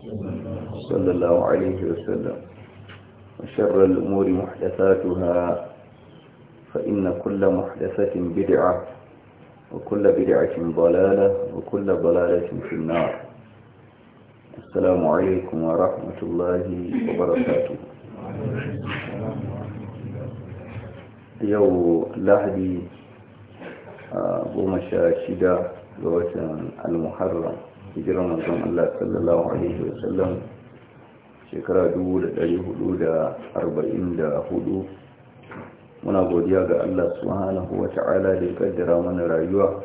صلى الله عليه وسلم وشر الأمور محدثاتها فإن كل محدثة بدعة وكل بدعة ضلالة وكل ضلالة في النار السلام عليكم ورحمة الله وبركاته yau lahadi goma sha shida ga watan al-muharram hijiran manzon Allah sallallahu alaihi wasallam shekara hudu, muna godiya ga Allah subhanahu Ta'ala da ya kaddara mana rayuwa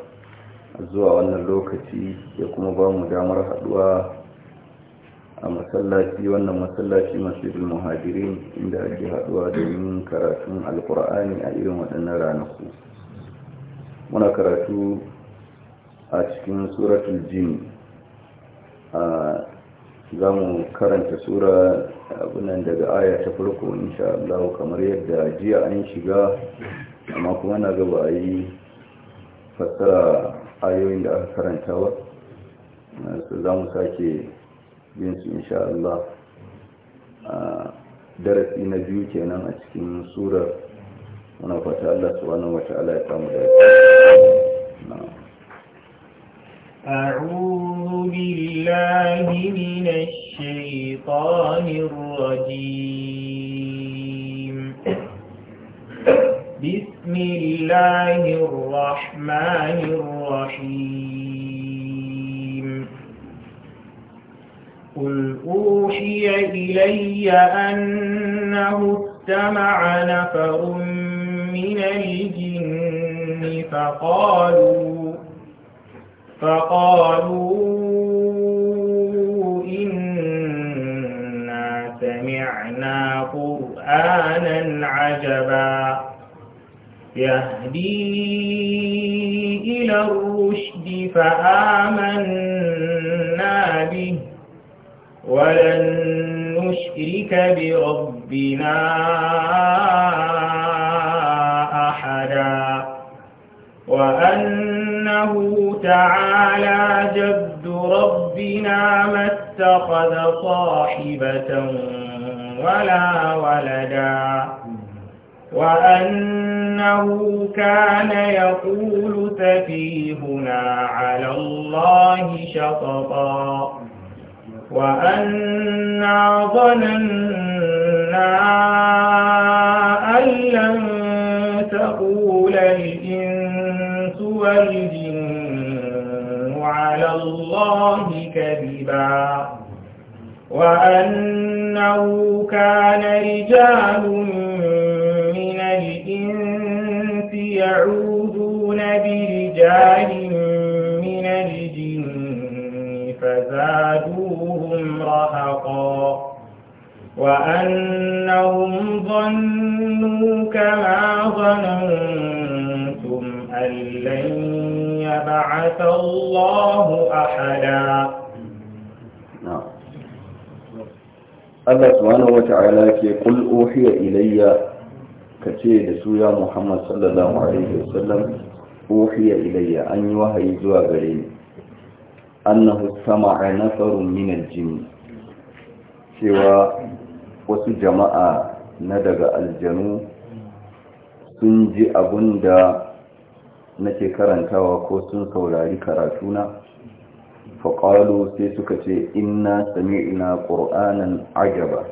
zuwa wannan lokaci ya kuma ba mu damar haduwa a masallaci wannan masallaci masjidul muhajirin inda ake haduwa domin karatun alkur'ani a irin waɗannan ranaku muna karatu a cikin suratul jini za mu karanta sura abinan daga aya ta farko insha Allah kamar yadda jiya an shiga amma kuma na gaba a yi fassara ayoyin da aka karanta ba su za mu sake bin su insha Allah darasi na biyu kenan a cikin surar Wani fata Allah wani wa ala ya samu da ya أعوذ بالله من الشيطان الرجيم بسم الله الرحمن الرحيم قل أوحي إلي أنه استمع نفر من الجن فقالوا فقالوا إنا سمعنا قرآنا عجبا يهدي إلى الرشد فآمنا به ولن نشرك بربنا تعالى جد ربنا ما اتخذ صاحبة ولا ولدا وأنه كان يقول تفيهنا على الله شططا وأنا ظننا أن لن تقول الإنس والجن على الله كذبا وأنه كان رجال من الإنس يعوذون برجال من الجن فزادوهم رهقا وأنهم ظنوا كما ظننتم أن لن بعث الله أحدا Allah subhanahu wa ta'ala ke kul uhiya ilayya kace da suya Muhammad sallallahu alaihi wasallam uhiya ilayya an yi wahayi zuwa gare ni annahu sama'a nasarun min aljin cewa wasu jama'a na daga aljanu sun ji abinda nake karantawa ko sun saurari karatu karatuna faƙalu sai suka ce inna sami'na ƙur'anan ajaba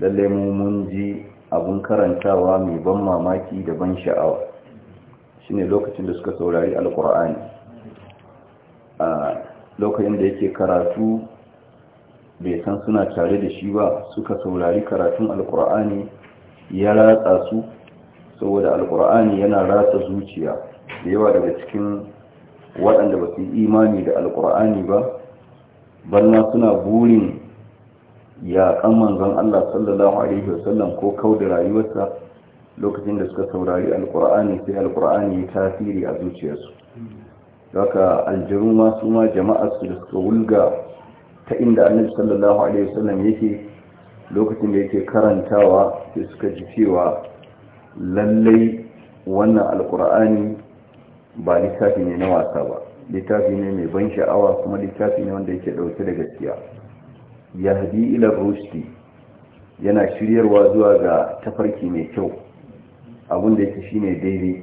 lalle mu mun ji abun karantawa mai ban mamaki da ban sha'awa shine lokacin da suka saurari alƙur'ani a lokacin da yake karatu bai san suna tare da shi ba suka saurari karatun alƙur'ani ya ratsa su saboda alƙur'ani yana ratsa zuciya da yawa daga cikin waɗanda ba su imani da alkur'ani ba barna suna burin yaƙan manzon Allah sallallahu alaihi wasallam ko kau da rayuwarsa lokacin da suka saurari alkur'ani sai alkur'ani ya tasiri a zuciyarsu daga aljiru masu su ma jama'arsu da suka wulga ta inda annabi sallallahu alaihi wasallam yake lokacin da yake karantawa sai suka ji cewa lallai wannan alkur'ani ba littafi ne na wasa ba littafi ne mai ban sha'awa kuma littafi ne wanda yake dauke da gaskiya yahdi ila rusti yana shiryarwa zuwa ga tafarki mai kyau abin da yake shine daidai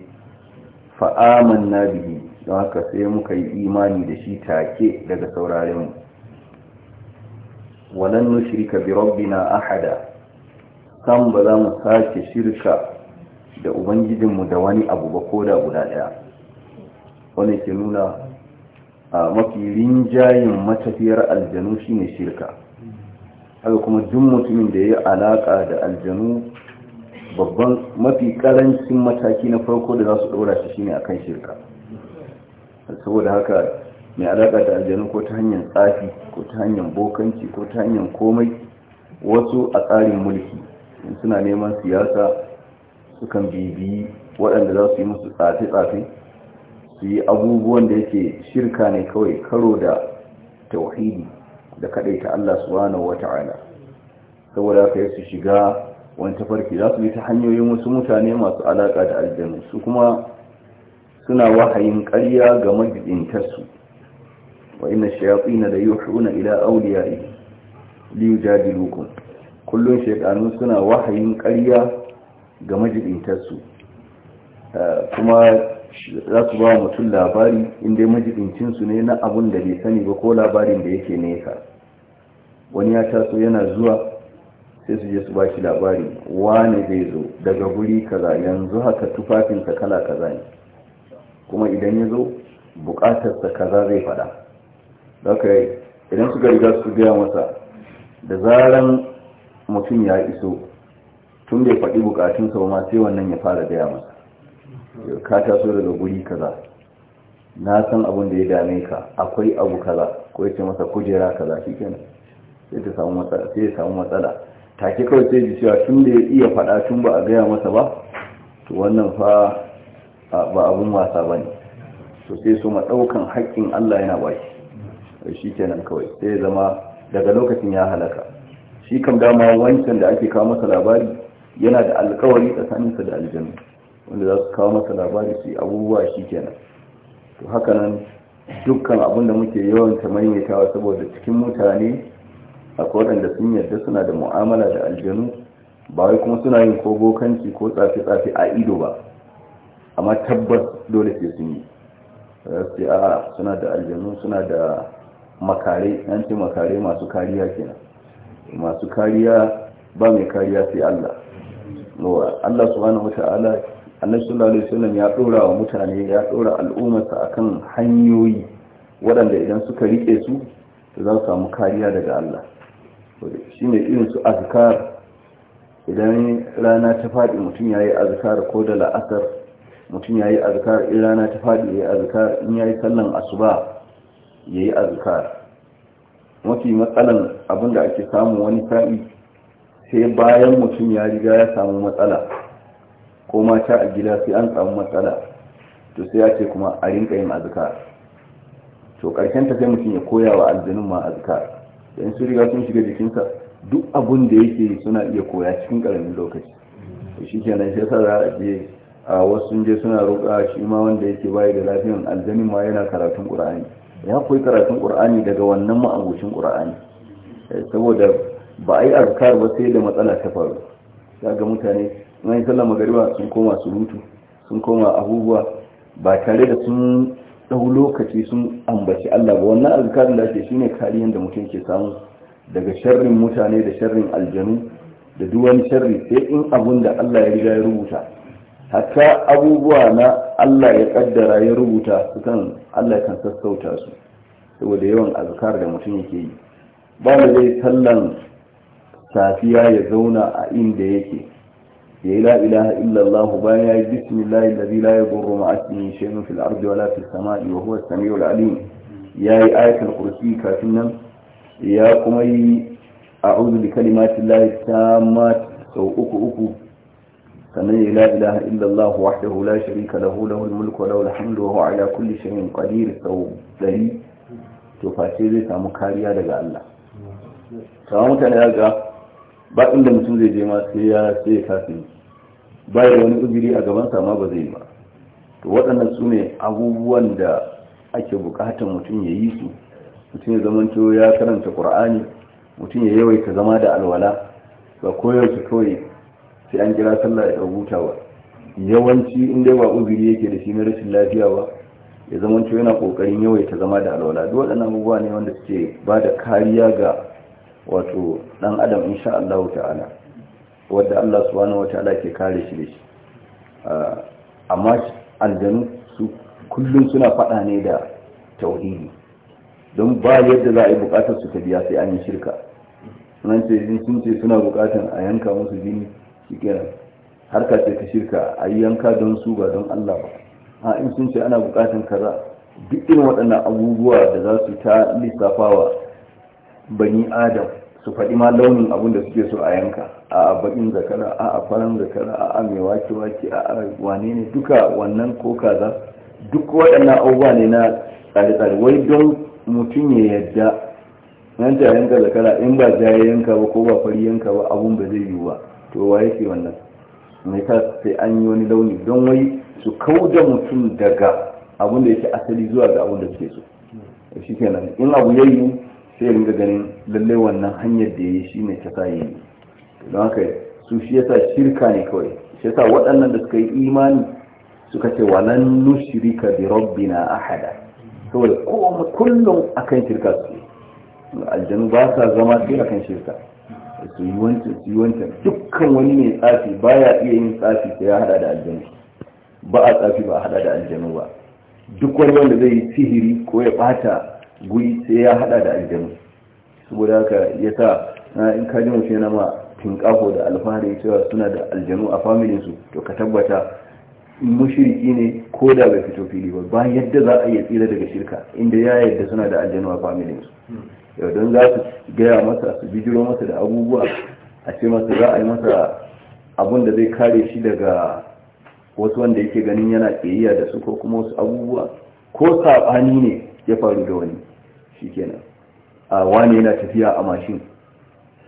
Fa'aman amanna bihi don haka sai muka yi imani da shi take daga sauraren mu walan nushrika bi rabbina ahada sam ba za mu sake shirka da ubangijinmu da wani abu ba ko da guda ɗaya. wanda ke nuna a mafi rinjayin matafiyar aljanu shine shirka haka kuma jin mutumin da ya alaka da aljanu babban mafi karancin mataki na farko da za su ɗora shi shine akan shirka saboda haka mai alaka da aljanu ko ta hanyar tsafi ko ta hanyar bokanci ko ta hanyar komai wasu a tsarin mulki suna neman siyasa sukan bibiyi waɗanda za su yi musu tsafe-tsafe su yi abubuwan da yake shirka ne kawai karo da tauhidi da ta Allah subhanahu wata'ala saboda yi su shiga wani tafarki za su yi ta hanyoyin wasu mutane masu alaka da aljanu su kuma suna wahayin ƙarya ga majidintarsu wa shayafi na da yuhuna ila awliya'i li yujadilukum kullum shekaru suna wahayin karya ga majidintarsu eh, kuma za su ba mutum labari inda majibincin su ne na abun da bai sani ba ko labarin da yake nesa wani ya taso yana zuwa sai su je su ba shi labari wane zai zo daga guri kaza yanzu haka tufafinsa kala kaza ne kuma idan ya zo bukatarsa kaza zai fada da idan suka riga su gaya masa da zaran mutum ya iso tun bai faɗi bukatunsa ba ma sai wannan ya fara gaya masa ka taso daga guri kaza na san abin da ya dame ka akwai abu kaza ko ya ce masa kujera kaza shi sai ta samu matsala sai ya samu matsala take kawai sai ji cewa tun da ya iya faɗa tun ba a gaya masa ba to wannan fa ba abun wasa ba ne to sai so ma ɗaukan haƙƙin Allah yana ba shi shi kenan kawai sai ya zama daga lokacin ya halaka shi kam dama wancan da ake kawo masa labari yana da alkawari tsakaninsa da aljanna wanda za su kawo masa labari su yi abubuwa shi kenan to haka nan dukkan abin da muke yawan ta maimaitawa saboda cikin mutane a waɗanda sun yarda suna da mu'amala da aljanu ba wai kuma suna yin ko bokanci ko tsafi-tsafi a ido ba amma tabbas dole sai sun yi sai a suna da aljanu suna da makare an ce makare masu kariya kenan masu kariya ba mai kariya sai Allah Allah subhanahu wa ta'ala annabi sallallahu alaihi ya dora wa mutane ya dora al'ummarsa akan hanyoyi waɗanda idan suka rike su to za su samu kariya daga Allah shine irin su azkar idan rana ta faɗi mutum ya yi azkar ko da la'asar mutum ya yi azkar in rana ta faɗi ya yi azkar in ya yi sallan asuba ya yi azkar mafi matsalan abinda ake samu wani sa'i sai bayan mutum ya riga ya samu matsala ko mata a gida sai an samu matsala to sai ya ce kuma a rinka yin azuka to karshen ta sai mutum ya koya wa aljanun ma azuka don su riga sun shiga jikinsa duk abun da yake suna iya koya cikin karamin lokaci to shi ke shi yasa za a je a wasu sun je suna roƙa shi ma wanda yake bayi da lafiyan aljanin ma yana karatun ƙur'ani ya koyi karatun ƙur'ani daga wannan ma'abucin ƙur'ani eh, saboda ba a yi azkar ba sai da matsala ta faru ga mutane wani sallar magariba sun koma surutu sun koma abubuwa ba tare da sun ɗau lokaci sun ambaci Allah ba wannan azkarin da ake shine kariyar da mutum ke samu daga sharrin mutane da sharrin aljanu da duwan sharri sai in abun da Allah ya riga ya rubuta hatta abubuwa na Allah ya kaddara ya rubuta su kan Allah kan sassauta su saboda yawan azkar da mutum yake yi ba da zai sallan safiya ya zauna a inda yake ya yi la'ilaha illallahu bayan ya yi bismillahi lalzi la ya gurru ma'asini shainun fil ardi wala fil sama'i wa huwa samiul alim ya yi ayatul kursi kafin nan ya kuma yi a'udhu bi kalimatillahi tammat sau uku uku sannan ya la ilaha illallah wahdahu la sharika lahu lahul mulku wa lahul hamdu wa ala kulli shay'in qadir sau dari to face zai samu kariya daga Allah sama mutane ga ba inda mutum zai je ma sai ya sai ya kafin ba ya wani ugiri a gaban sama ba zai ba to waɗannan su ne abubuwan da ake buƙatar mutum ya yi su mutum ya to ya karanta ƙur'ani mutum ya yawai yawaita zama da alwala ba koyaushe kawai sai an kira sallah ya rubuta ba yawanci in dai ba ugiri yake da shi na rashin lafiya ba ya to yana ƙoƙarin yawaita zama da alwala duk waɗannan abubuwa ne wanda suke ba da kariya ga wato dan adam insha Allah ta'ala wanda Allah subhanahu wataala ke kare shi da ah, amma aljanu su kullum suna faɗa ne da tauhidi don ba yadda za a yi bukatar su ta biya sai an yi shirka nan ce sun ce suna bukatar a yanka musu jini shi kenan harka ce ta shirka a yi yanka don su ba don Allah ba a ah, in sun ce ana bukatar kaza duk irin waɗannan abubuwa da za su ta lissafawa bani adam su faɗi ma launin abin da suke so a yanka a baƙin zakara a faran zakara a mai wake wake a wane ne duka wannan ko kaza duk waɗannan abubuwa ne na tsare-tsare wai don mutum ya yadda nan ta yanka zakara in ba ja ya yanka ba ko ba fari yanka ba abun ba zai yiwu ba to wa yake wannan mai ta sai an yi wani launi don wai su kauda mutum daga abin da yake asali zuwa ga abun da suke so shi kenan in abu ya yiwu sai ga ganin lalle wannan hanyar da ya yi shi ne ta sa ne don haka su shi yasa shirka ne kawai shi yasa waɗannan da suka yi imani suka ce walan nushrika bi rabbina ahada saboda kowa kullum akan shirka su aljanu ba sa zama sai akan shirka su yi wancan su yi wancan dukkan wani mai tsafi baya iya yin tsafi sai ya hada da aljanu ba a tsafi ba a haɗa da aljanu ba duk wani wanda zai yi sihiri ko ya ɓata. guri sai ya hada da aljanu saboda haka ya sa na in ka ji mutum yana ma da alfahari cewa suna da aljanu a familinsu to ka tabbata mushiriki ne ko da bai fito fili ba ba yadda za a iya tsira daga shirka inda ya yadda suna da aljanu a familinsu yau don za su gaya masa su bijiro masa da abubuwa a ce masa za a yi masa abun da zai kare shi daga wasu wanda yake ganin yana tsayayya da su ko kuma wasu abubuwa ko saɓani ne ya faru da wani kenan a wani yana tafiya a mashin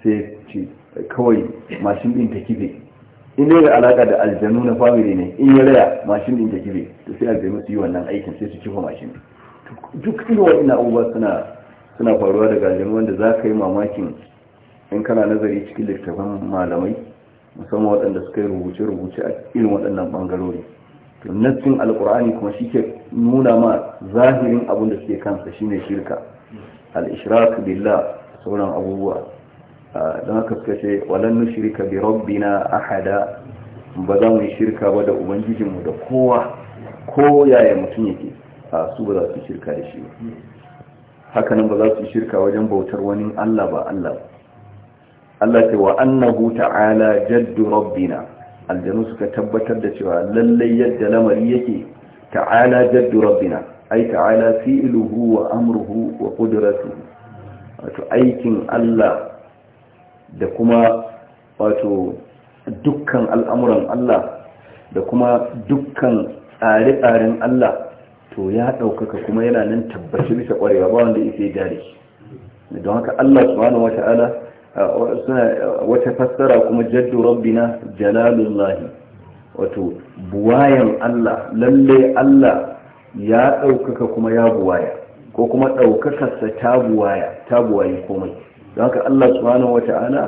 sai ce kawai mashin din ta kife in yana da alaka da aljanu na famili ne in ya raya mashin din ta kife to sai aljanu su yi wannan aikin sai su kifa mashin duk wa ina abubuwa suna suna faruwa daga aljanu wanda za ka yi mamakin in kana nazari cikin littattafan malamai musamman waɗanda suka yi rubuce-rubuce a irin waɗannan ɓangarori to nassin alƙur'ani kuma shi ke nuna ma zahirin abin da suke kansa shine shirka al-ishrak billah sauran abubuwa don haka suka ce walan shirika bi rabbina ahada ba za mu yi shirka ba da ubangijinmu da kowa ko yaya mutum yake a su ba za su shirka da shi ba nan ba za su shirka wajen bautar wani Allah ba Allah Allah ce wa annahu ta'ala jaddu rabbina aljanu suka tabbatar da cewa lallai yadda lamari yake ta'ala jaddu rabbina Aika ta'ala fi'luhu wa amruhu wa qudratuhu wato aikin Allah da kuma wato dukkan al'amuran Allah da kuma dukkan tsare-tsaren Allah to ya ɗaukaka kuma yana nan tabbaci bisa ƙwarewa ba wanda ya dare don haka Allah subhanahu wata'ala suna wata fassara kuma jaddu rabbina jalalullahi wato buwayan Allah lalle Allah ya ɗaukaka kuma ya buwaya ko kuma ɗaukakarsa ta buwaya ta komai don haka Allah subhanahu wata'ala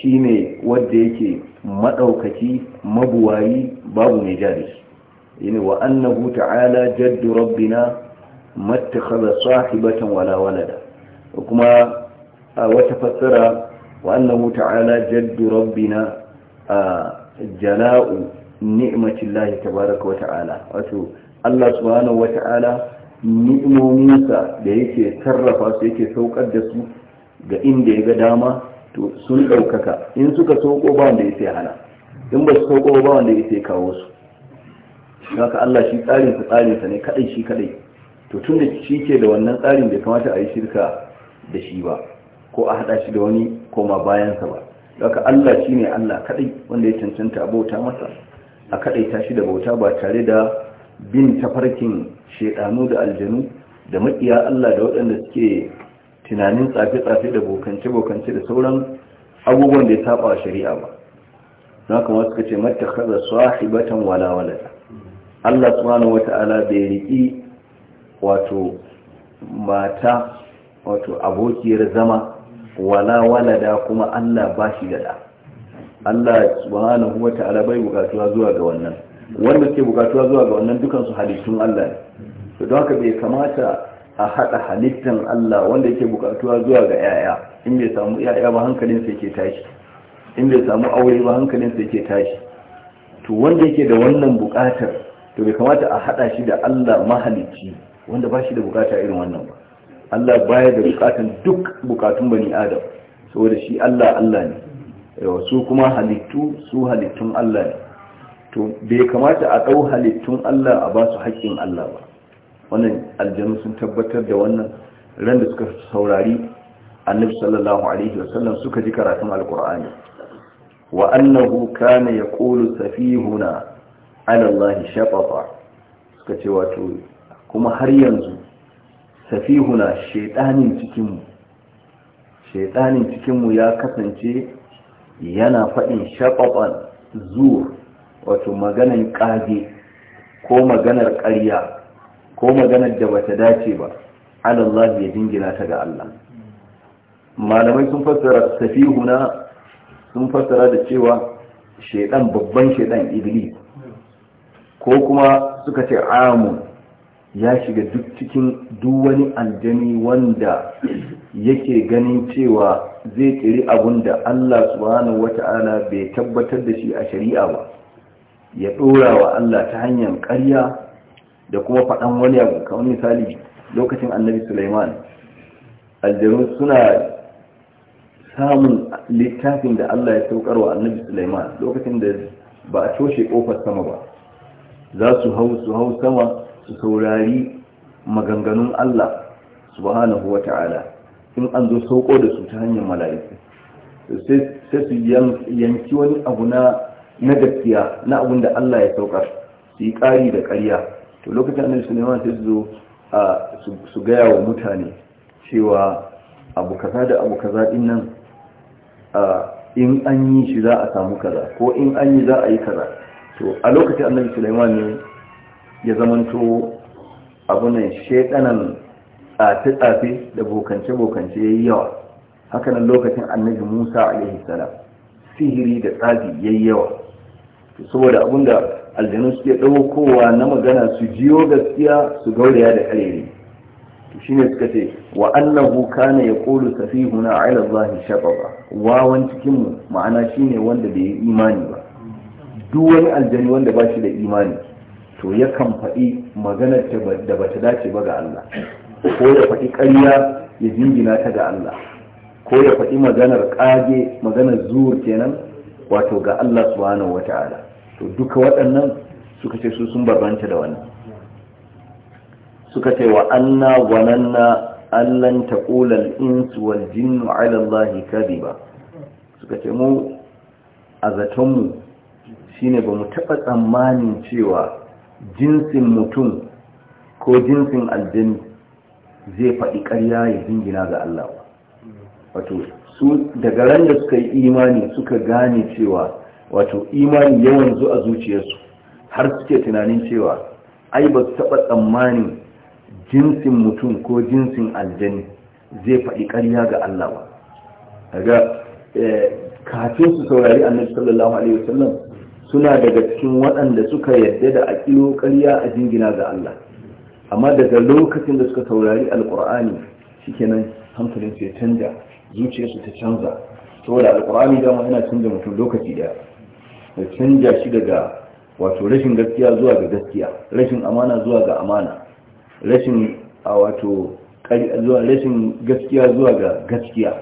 shi ne wadda yake maɗaukaki mabuwayi babu mai jari yana wa annahu ta'ala jaddu rabbina mattakhadha sahibatan wala walada kuma wata fassara wa annahu ta'ala jaddu rabbina jala'u ni'matillahi tabaraka wa ta'ala wato Allah subhanahu wata'ala ni'imominsa da yake sarrafa su yake saukar da su ga inda ya ga dama to sun ɗaukaka in suka sauko ba wanda ya hana in ba su sauko ba wanda ya kawo su haka Allah shi tsarin tsarin sa ne kadai shi kadai to tun da shi ke da wannan tsarin bai kamata a yi shirka da shi ba ko a haɗa shi da wani ko koma bayansa ba haka Allah shi ne Allah kadai wanda ya cancanta a bauta masa a kadai tashi da bauta ba tare da bin tafarkin shedanu da aljanu da makiya Allah da waɗanda suke tunanin tsafe-tsafe da bokance-bokance da sauran abubuwan da ya saba shari'a ba na kuma suka ce mata kaza sahibatan walawala Allah subhanahu wata'ala bai riki wato mata wato abokiyar zama wala da kuma Allah ba shi da Allah subhanahu wata'ala bai bukatuwa zuwa ga wannan wanda suke bukatuwa zuwa ga wannan dukansu halittun Allah ne don haka bai kamata a haɗa halittan Allah wanda yake bukatuwa zuwa ga yaya in bai samu yaya ba hankalin sa yake tashi in bai samu aure ba hankalin sa yake tashi to wanda yake da wannan bukatar to bai kamata a haɗa shi da Allah mahalicci wanda ba shi da bukata irin wannan ba Allah baya da bukatan duk bukatun bani adam saboda shi Allah Allah ne su kuma halittu su halittun Allah ne to bai kamata a ɗau halittun Allah a ba su haƙƙin Allah ba wannan aljanu sun tabbatar da wannan ran da suka saurari annabi sallallahu alaihi wasallam suka ji karatun alkur'ani wa annahu kana yaqulu safihuna ala Allah shafafa suka ce wato kuma har yanzu safihuna shaytanin cikin mu cikin mu ya kasance yana faɗin shafafan zuwa wato maganar ƙage ko maganar ƙarya ko maganar da bata dace ba Allah ya jingina ta ga Allah malamai sun fassara safihuna sun fassara da cewa shedan babban shedan iblis ko kuma suka ce amu ya shiga duk cikin duk wani aljani wanda yake ganin cewa zai kiri abun da Allah subhanahu wata'ala bai tabbatar da shi a shari'a ba ya ɗora wa Allah ta hanyar ƙarya da kuma faɗan wani abu kamar misali lokacin annabi Sulaiman aljanu suna samun littafin da Allah ya saukar wa annabi Sulaiman lokacin da ba a toshe ƙofar sama ba za su hau su hau sama su saurari maganganun Allah subhanahu wa ta'ala in an zo sauko da su ta hanyar mala'iku sai su yanki wani abu na na gaskiya na abin da Allah ya saukar su yi ƙari da ƙarya to lokacin annabi Sulaiman sai zo su gaya wa mutane cewa abu kaza da abu kaza din nan in an yi shi za a samu kaza ko in an yi za a yi kaza to a lokacin annabi Sulaiman ne ya zamanto abunan shedanan tsafe-tsafe da bokance-bokance ya yi yawa hakanan lokacin annabi musa alaihi salam sihiri da tsafi ya yi yawa saboda abin da aljanu suke kowa na magana su jiyo gaskiya su gauraya da shi shine suka ce wa annahu kana yaqulu safihuna ala shafa ba. wawan cikinmu ma'ana ma'ana shine wanda bai yi imani ba duk wani aljani wanda ba shi da imani to yakan faɗi maganar da bata dace ba ga Allah ko ya faɗi ƙarya ya jingina ta ga Allah ko ya faɗi maganar ƙage maganar zuwa kenan wato ga Allah subhanahu ta'ala to duka waɗannan suka ce su sun barbanta da wannan suka ce wa anna wananna allan taqula insu wal jinnu ala allahi kadiba suka ce mu a zaton mu shine ba mu taɓa tsammanin cewa jinsin mutum ko jinsin aljin zai faɗi ƙarya ya jingina ga Allah wato su daga ran da suka yi imani suka gane cewa wato imani yawan zu a zuciyarsu har suke tunanin cewa ai ba su taɓa tsammanin jinsin mutum ko jinsin aljani zai faɗi ƙarya ga Allah ba daga eh, kafin su saurari annabi sallallahu alaihi wasallam suna daga cikin waɗanda suka yarda da aƙilo ƙarya a jingina ga Allah amma daga lokacin da suka saurari alƙur'ani shikenan hankalin su ya canja zuciyarsu ta canza saboda alƙur'ani dama yana canza mutum lokaci ɗaya da canja shi daga wato rashin gaskiya zuwa ga gaskiya rashin amana zuwa ga amana rashin a wato zuwa rashin gaskiya zuwa ga gaskiya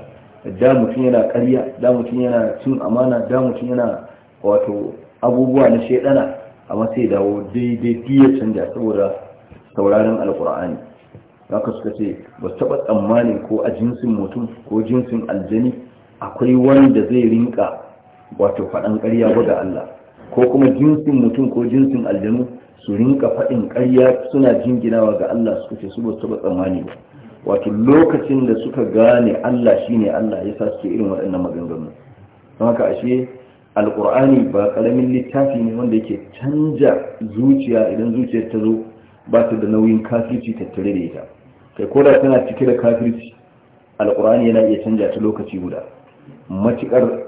da mutum yana ƙarya da mutum yana cin amana da mutum yana wato abubuwa na shaidana amma sai dawo daidai biyar canja saboda sauraron alkur'ani haka suka ce ba su taɓa tsammanin ko a jinsin mutum ko jinsin aljani akwai wanda zai rinka wato faɗan ƙarya ba ga Allah ko kuma jinsin mutum ko jinsin aljanu su rinka faɗin ƙarya suna jinginawa ga Allah suka ce su ba su tsammani ba wato lokacin da suka gane Allah shine Allah ya sa suke irin waɗannan maganganu don haka ashe alƙur'ani ba ƙaramin littafi ne wanda yake canja zuciya idan zuciyar ta zo ba ta da nauyin kafirci tattare da ita kai koda tana cike da kafirci alƙur'ani yana iya canja ta lokaci guda matuƙar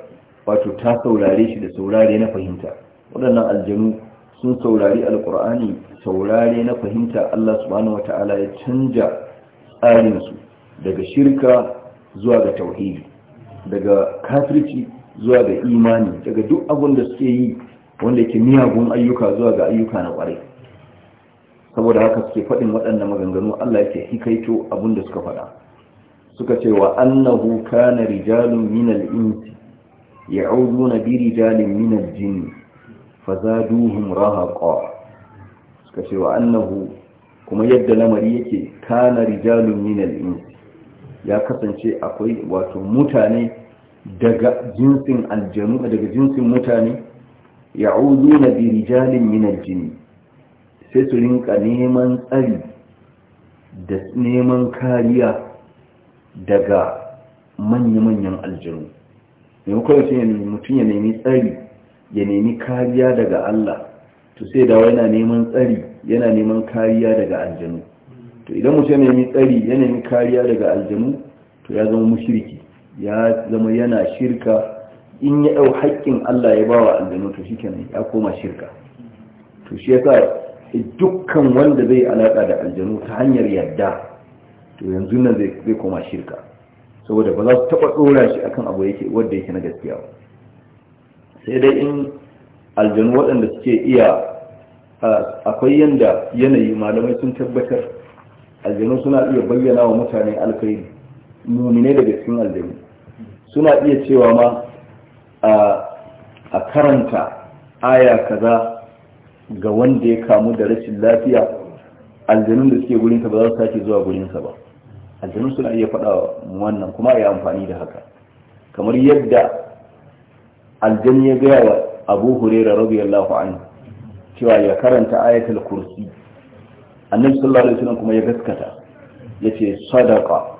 wato ta saurare shi da saurare na fahimta waɗannan aljanu sun saurari alkur'ani saurare na fahimta Allah subhanahu wata'ala ya canja tsarinsu daga shirka zuwa ga tauhidi daga kafirci zuwa ga imani daga duk abin da suke yi wanda ke miyagun ayyuka zuwa ga ayyuka na kwarai saboda haka suke faɗin waɗannan maganganu Allah yake hikaito abin da suka faɗa suka ce wa annahu kana rijalun minal insi ya'uduna bi rijalin min al-jinn fazaduhum suka ce wa annahu kuma yadda lamari yake kana rijalun min ya kasance akwai wato mutane daga jinsin aljanu daga jinsin mutane ya'uduna bi rijalin min sai su rinka neman tsari da neman kariya daga manya-manyan aljanu maimakon sai mutum ya nemi tsari ya nemi kariya daga Allah to sai dawo yana neman tsari yana neman kariya daga aljanu to idan mutum ya nemi tsari ya nemi kariya daga aljanu to ya zama mushriki ya zama yana shirka in ya dau haƙƙin Allah ya bawa aljanu to shikenan ya koma shirka to shi yasa dukkan wanda zai alaka da aljanu ta hanyar yadda to yanzu nan zai koma shirka saboda ba za su taba dora shi akan abu yake wanda yake na gaskiya ba sai dai in aljanu waɗanda suke iya akwai yanda yanayi malamai sun tabbatar aljanu suna iya bayyana wa mutane alkhairi mumine daga cikin aljanu suna iya cewa ma a karanta aya kaza ga wanda ya kamu da rashin lafiya aljanun da suke gurinka ba za su sake zuwa gurinsa ba aljanu suna iya faɗa wannan kuma ya amfani da haka kamar yadda aljani ya gaya wa abu hurera radiyallahu an cewa ya karanta ayatul kursi annan sallallahu alaihi wasallam kuma ya gaskata Ya yace sadaqa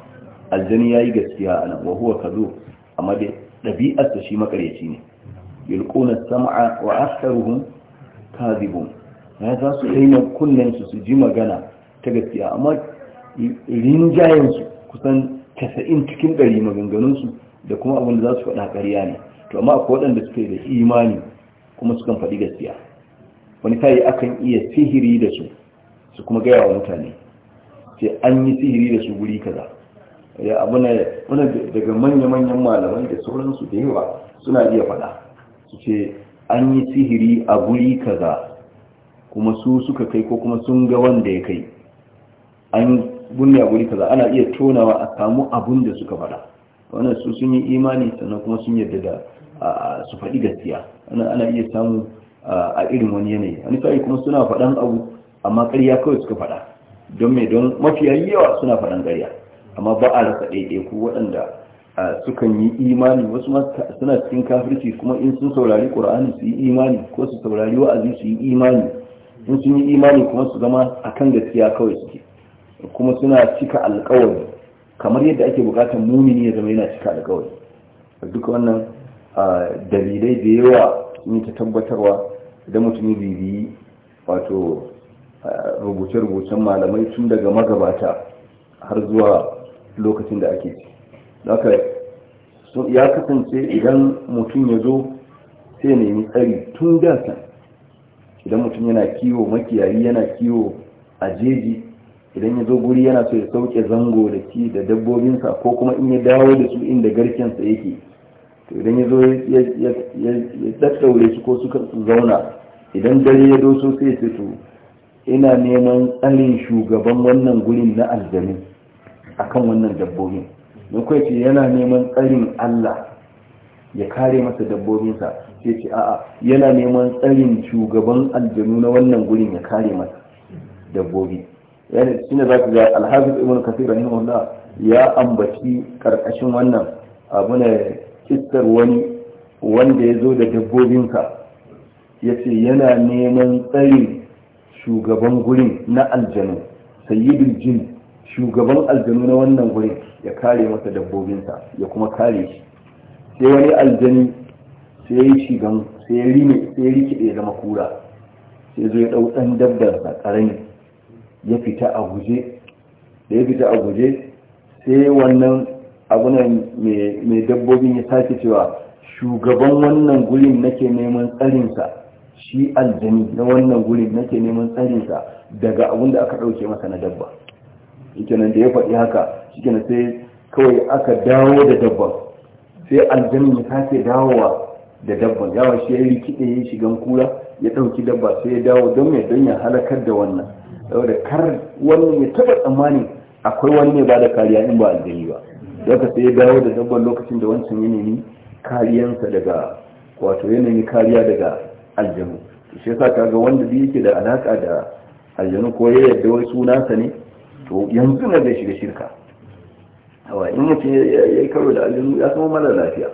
ya yayi gaskiya anan wa huwa kadu amma dai shi makareci ne yulquna sam'a wa aktharuhum kadhibun ya za su daina kunnen su su ji magana ta gaskiya amma rinjayensu kusan 90 cikin ɗari maganganunsu da kuma abin da za su faɗa ƙarya ne to amma akwai waɗanda suke da imani kuma sukan faɗi gaskiya wani kayi akan iya sihiri da su su kuma gaya wa mutane sai an yi sihiri da su guri kaza ya abu wani daga manya-manyan malaman da sauransu da yawa suna iya faɗa su ce an yi sihiri a guri kaza kuma su suka kai ko kuma sun ga wanda ya kai an bunne a guri kaza ana iya tonawa a samu abun da suka faɗa wannan su sun yi imani sannan kuma sun yarda da su faɗi gaskiya ana iya samu a irin wani yanayi wani sa'i kuma suna faɗan abu amma ƙarya kawai suka faɗa don mai don mafiya yawa suna faɗan ƙarya amma ba a rasa ɗaiɗaiku waɗanda sukan yi imani wasu suna cikin kafirci kuma in sun saurari ƙur'ani su yi imani ko su saurari wa'azi su yi imani in sun yi imani kuma su zama akan gaskiya kawai suke kuma suna cika alkawari kamar yadda ake bukatar mumini ya zama yana cika alkawari duk wannan dalilai da yawa sun ta tabbatarwa idan mutum ya bibiyi wato rubuce-rubucen malamai tun daga magabata har zuwa lokacin da ake ci ya kasance idan mutum ya zo sai nemi tsari tun gasa idan mutum yana kiwo makiyayi yana kiwo a jeji idan ya zo guri yana so ya sauke zango da ci da dabbobinsa ko kuma in ya dawo da su inda garkensa yake to idan ya zo ya tattaure shi ko suka zauna idan dare ya doso sai ce to ina neman tsarin shugaban wannan gurin na a kan wannan dabbobin na kwaice ce yana neman tsarin Allah ya kare masa dabbobinsa sai ce a'a yana neman tsarin shugaban aljanu na wannan gurin ya kare masa dabbobi yani shine za ka ga alhafiz ibn kathir rahimahullah ya ambaci karkashin wannan abu ne kissar wani wanda ya zo da dabbobin ya ce yana neman tsari shugaban gurin na aljanu sayyidul jin shugaban aljanu na wannan gurin ya kare masa dabbobinsa ya kuma kare shi sai wani aljani sai ya yi shigan sai ya rime sai ya zama kura sai zo ya dau dan sa karani. ya fita a guje da ya fita a guje sai wannan abunan mai dabbobin ya sake cewa shugaban wannan gurin nake neman tsarinsa shi aljani na wannan gurin nake neman tsarinsa daga abun da aka ɗauke masa na dabba shikenan da ya faɗi haka shikenan sai kawai aka dawo da dabban sai aljani ya sake dawowa da dabban yawa shi ya rikiɗe ya shigan kura ya ɗauki dabba sai ya dawo don mai don ya halakar da wannan saboda kar wani ya taba tsammani akwai wani ne ba kariya in ba aljani ba daga sai ya dawo da dabban lokacin da wancan yanayi kariyansa daga wato yanayi kariya daga aljanu shi yasa kaga wanda da yake da alaka da aljanu ko ya yadda wai sunansa ne to yanzu na zai shiga shirka hawa in mutum ya yi karo da aljanu ya zama mara lafiya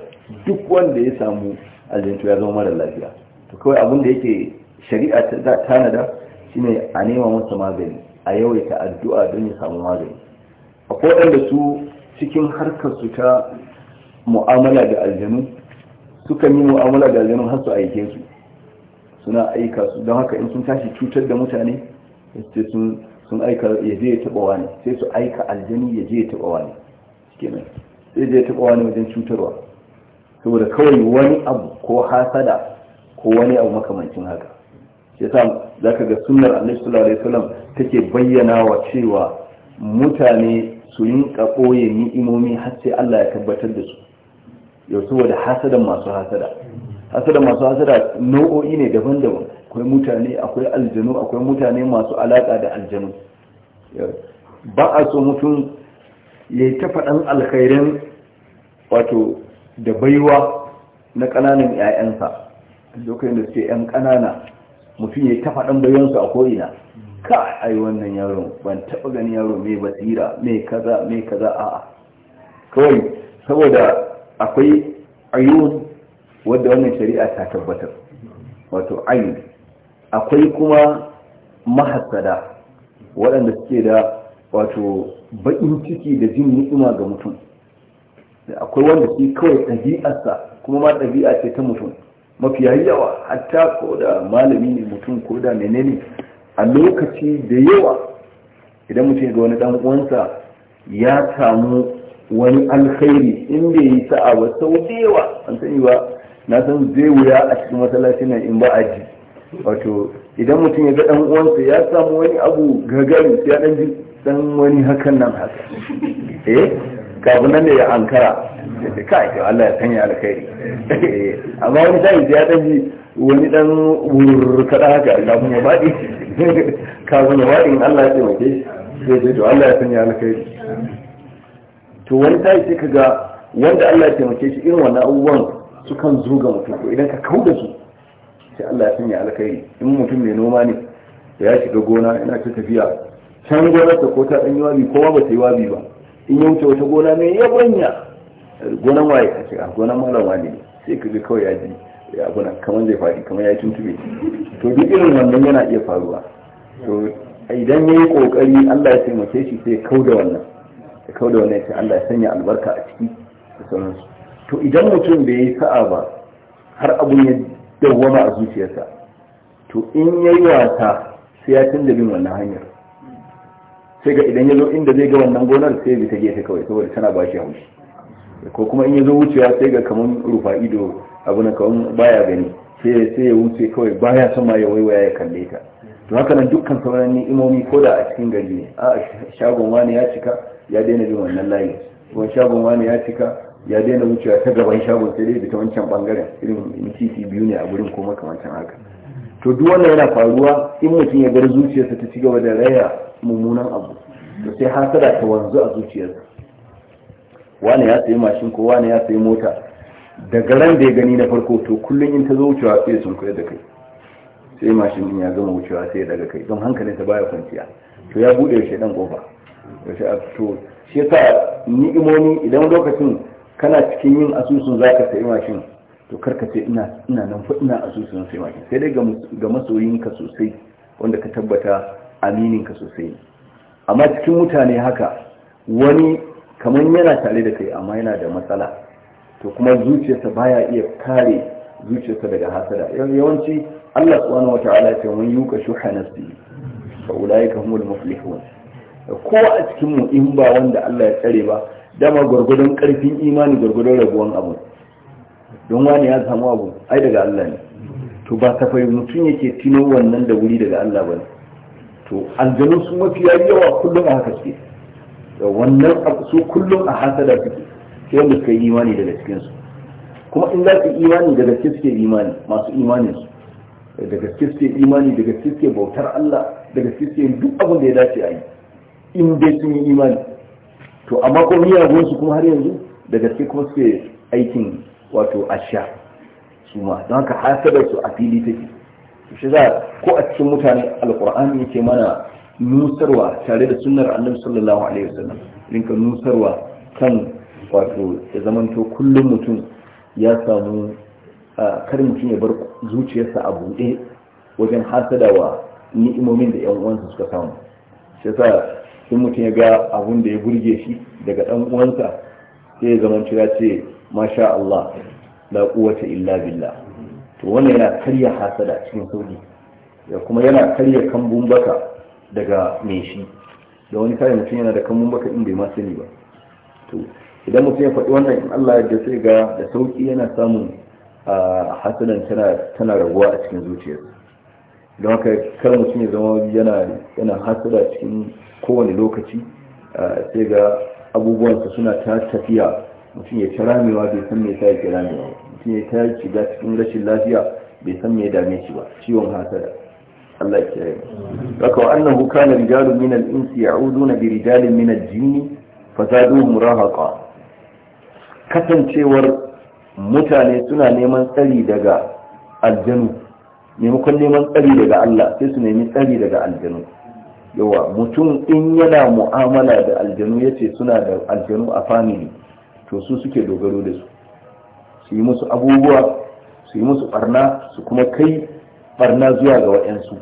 duk wanda ya samu aljanu ya zama mara lafiya to kawai abin da yake shari'a ta tanada ne a nema masa magani a yawaita addu'a don ya samu magani ɗan da su cikin harkar su ta mu'amala da aljanu suka yi mu'amala da aljanu har su aike su suna aika su don haka in sun tashi cutar da mutane sai sun sun aika ya je ya taɓa wani sai su aika aljanu ya je ya taɓa wani kenan sai je ya taɓa wani wajen cutarwa saboda kawai wani abu ko hasada ko wani abu makamancin haka yasa zaka ga sunnar annabi sallallahu alaihi wasallam take bayyana wa cewa mutane su yinka ɓoye ni'imomi har sai Allah ya tabbatar da su yau saboda hasadan masu hasada hasadan masu hasada nau'o'i ne daban-daban akwai mutane akwai aljanu akwai mutane masu alaka da aljanu ba a so mutum ya yi ta faɗan alkhairin wato da baiwa na ƙananan 'ya'yansa lokacin da suke 'yan ƙanana mutum ya kafa ɗan bayansu a ko'ina ka yi wannan yaron ban taɓa gani yaro mai basira mai kaza mai kaza a kawai saboda akwai ayyun wadda wannan shari'a ta tabbatar wato ayyun akwai kuma mahasada waɗanda suke da wato baƙin ciki da jin ni'ima ga mutum da akwai wanda shi kawai ɗabi'arsa kuma ma ɗabi'a ce ta mutum mafiya yawa hatta ko da malami ne mutum ko da menene a lokaci da yawa idan mutum ga wani dan uwansa ya samu wani alkhairi in bai yi sa'a ba sau da yawa an sani ba na san zai wuya a cikin masallaci nan in ba a ji wato idan mutum ya ga dan uwansa ya samu wani abu gagari sai ya dan ji dan wani hakan nan haka eh kafin nan da ya ankara sai kai Allah ya sanya alkhairi amma wani sai ya dan wani dan kada haka kafin ya baɗi. Ka ya badi in Allah ya taimake shi sai to Allah ya sanya alkhairi to wani sai sai kaga wanda Allah ya taimake shi irin wannan abubuwan sukan zo ga mutum ko idan ka kauda su sai Allah ya sanya alkhairi in mutum mai noma ne da ya shiga gona ina ta tafiya can gonarsa ko ta ɗan yi wabi kowa ba ta yi wabi ba in ya wuce wata gona mai yabanya gonan waye a ce a ah, gonan malam wani ne sai ka ga kawai ya ji kamar zai faɗi kamar ya tuntube to duk irin wannan yana iya faruwa to idan ya yi ƙoƙari allah ya taimake shi sai kau da wannan ya kau da wannan ya ce allah ya sanya albarka a ciki da sauransu to idan mutum bai yi sa'a ba har abun ya dawwama a zuciyarsa to in ya yi wasa sai ya canza bin wannan hanyar sai ga idan ya zo inda zai ga wannan gonar sai ya bi ta gefe kawai saboda tana ba shi haushi ko kuma in ya zo wucewa sai ga kamar rufa ido abu na kamar baya gani sai ya wuce kawai baya sama ya waiwaya ya kalle ta to haka nan dukkan sauran imomi ko da a cikin gari ne a shagon wani ya cika ya daina bin wannan layi kuma shagon wani ya cika ya daina wucewa ta gaban shagon sai dai ta wancan bangaren irin titi biyu ne a gurin ko makamancin haka to duk wannan yana faruwa in mutum ya bar zuciyarsa ta ci gaba da raya mummunan abu to sai hasara ta wanzu a zuciyarsa wani ya sayi mashin ko wani ya sayi mota daga ran da ya gani na farko to kullum in ta zo wucewa sai sun koyar da kai sai mashin din ya gama wucewa sai ya daga kai don hankalin ta baya kwanciya to ya bude shi dan kofa yaushe a to shi yasa ni'imomi idan lokacin kana cikin yin asusun zaka sayi mashin to karka ce ina ina nan fa ina asusun sayi mashin sai dai ga masoyinka sosai wanda ka tabbata aminin ka sosai amma cikin mutane haka wani kamar yana tare da kai amma yana da matsala to kuma zuciyarsa baya iya kare zuciyarsa daga hasada yawanci Allah subhanahu wata'ala ya ce mun yuka shuha nafsi fa ka humul muflihun ko a cikin mu in ba wanda Allah ya tsare ba dama gurgudun karfin imani gurgudun rabuwan abu don wani ya samu abu ai daga Allah ne to ba ta fahimci mutum yake tino wannan da wuri daga Allah ba to aljanu su mafiya yawa kullum a haka suke wannan su kullum a hasada suke sai wanda suka yi imani daga cikinsu. kuma in za su imani da gaske suke imani masu imanin su da gaske suke imani da gaske suke bautar Allah da gaske suke duk abin da ya dace a yi in dai sun yi imani to amma ko miyagun su kuma har yanzu da gaske kuma suke aikin wato asha su ma don haka hasadar su a fili take shi za ko a cikin mutane alkur'ani yake mana nusarwa tare da sunnar annabi sallallahu alaihi wasallam rinka nusarwa kan wato ya to kullum mutum ya samu kar mutum ya bar zuciyarsa a bude wajen hasada wa ni'imomin da yan uwansa suka samu shi yasa in mutum ya ga abun da ya burge shi daga dan uwansa sai ya zama ya ce masha Allah la quwwata illa billah to wannan yana karya hasada cikin sauki ya kuma yana karya kambun baka daga mai shi da wani kayan mutum yana da kamun baka inda masu sani ba to idan mutum ya faɗi wannan in Allah ya sai ga da sauƙi yana samun a hasadan tana raguwa a cikin zuciyarsa don haka kar mutum ya zama yana yana cikin kowane lokaci sai ga abubuwansa suna ta tafiya mutum ya ci ramewa bai san me sai ke ramewa mutum ya ta shiga cikin rashin lafiya bai san me ya dame shi ba ciwon hasada Allah ya kiyaye haka na annahu na rijalun min al-insi ya'uduna bi rijalin min kasancewar mutane suna neman tsari daga aljanu maimakon neman tsari daga Allah sai su nemi tsari daga aljanu yawa mutum in yana mu'amala da aljanu ya ce suna da aljanu a famili, to su suke dogaro da su su yi musu abubuwa su yi musu barna su kuma kai barna zuwa ga waɗansu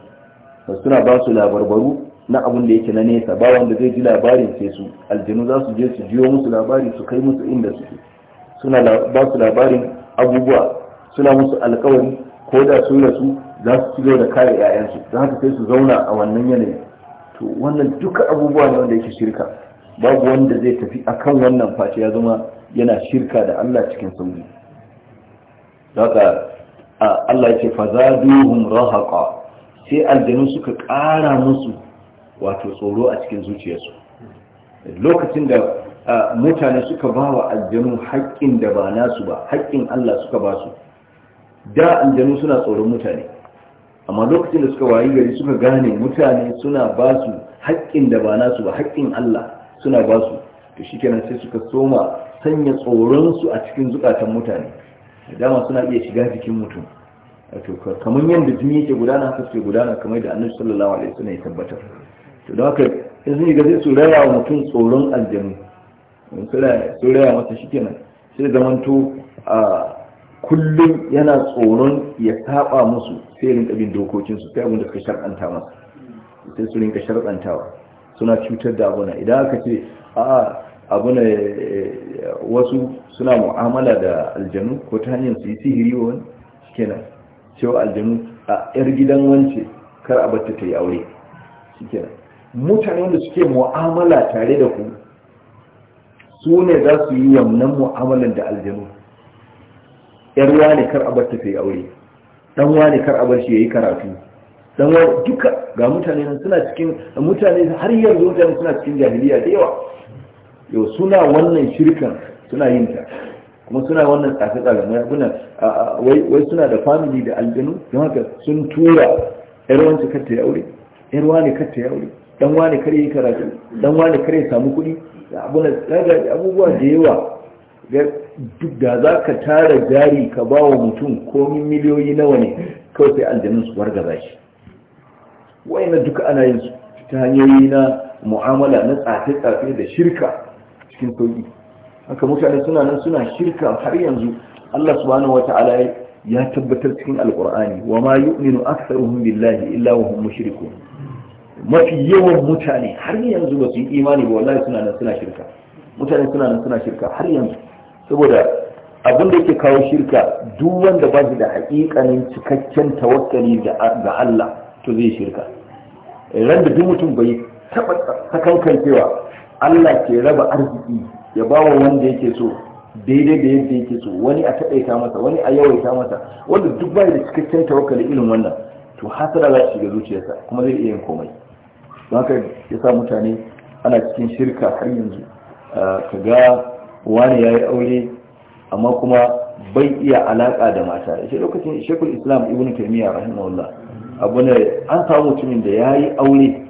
suna ba su labarbaru na abin da yake na nesa ba wanda zai ji labarin sai su aljanu za su je su jiyo musu labari su kai musu inda suke suna ba su labarin abubuwa suna musu alkawari ko da su su za su ci da kare 'ya'yansu za su sai su zauna a wannan yanayi to wannan duka abubuwa ne wanda yake shirka babu wanda zai tafi akan wannan face ya zama yana shirka da Allah cikin sauri haka Allah ya ce zaduhum rahaqa sai aljanu suka ƙara musu wato tsoro a cikin zuciyarsu lokacin da mutane suka ba wa aljanu haƙƙin da ba nasu ba haƙƙin Allah suka ba su da aljanu suna tsoron mutane amma lokacin da suka wayi gari suka gane mutane suna ba su haƙƙin da ba nasu ba haƙƙin Allah suna ba su to shi kenan sai suka soma sanya tsoronsu a cikin zukatan mutane dama suna iya shiga jikin mutum to kamar yadda jini yake gudana haka suke gudana kamar da annabi sallallahu alaihi wasallam ya tabbatar to don haka in zai ga zai su wa mutum tsoron aljanu su tsoraya masa shikenan sai zamanto a kullum yana tsoron ya saba musu sai rinka bin dokokinsu sai wanda suka shar'anta masa sai su rinka shar'antawa suna cutar da abuna idan aka ce a abuna eh, wasu suna mu'amala da aljanu ko ta hanyar su yi sihiri wani kenan cewa aljanu a yar gidan wance kar a batta ta yi aure shikenan mutane da suke mu'amala tare da ku su ne za su yi wannan mu'amalan da aljanu yar wane kar a batta ta yi aure Ɗan wane kar a bar shi yi karatu dan wani duka ga mutane nan suna cikin mutane har yanzu mutane suna cikin jahiliya da yawa yau suna wannan shirkan suna yin ta kuma suna wannan tsafe da kuna wai suna da family da aljanu don haka sun tura yar wanci kar ta aure yar wani kar ta aure Ɗan wani kar yi karatu Ɗan wani kar ya samu kuɗi abubuwa da yawa duk da za ka tara jari ka ba wa mutum komin miliyoyi nawa ne kawai sai aljanun su wargaza shi Wai na duka ana yin su ta hanyoyi na mu'amala na tsafe-tsafe da shirka cikin sauki haka mutane suna nan suna shirka har yanzu Allah subhanahu wata'ala ya tabbatar cikin alqur'ani wa ma yu'minu aktharuhum billahi illa wa hum mushrikun mafi yawan mutane har yanzu ba su yi imani ba wallahi suna nan suna shirka mutane suna nan suna shirka har yanzu saboda abin da yake kawo shirka duk wanda ba shi da haƙiƙanin cikakken tawakkali ga Allah to zai shirka ran da duk mutum bai taɓa sakankan cewa Allah ke raba arziki ya ba wa wanda yake so daidai da yadda yake so wani a taɗaita masa wani a yawaita masa wanda duk bai da cikakken tawakkali irin wannan to hasara za ta shiga zuciyarsa kuma zai iya yin komai don haka ya sa mutane ana cikin shirka har yanzu ka ga wani ya yi aure amma kuma bai iya alaƙa da mata shi lokacin shekul islam ibn taimiyya rahimahullah abu ne an samu mutumin da ya yi aure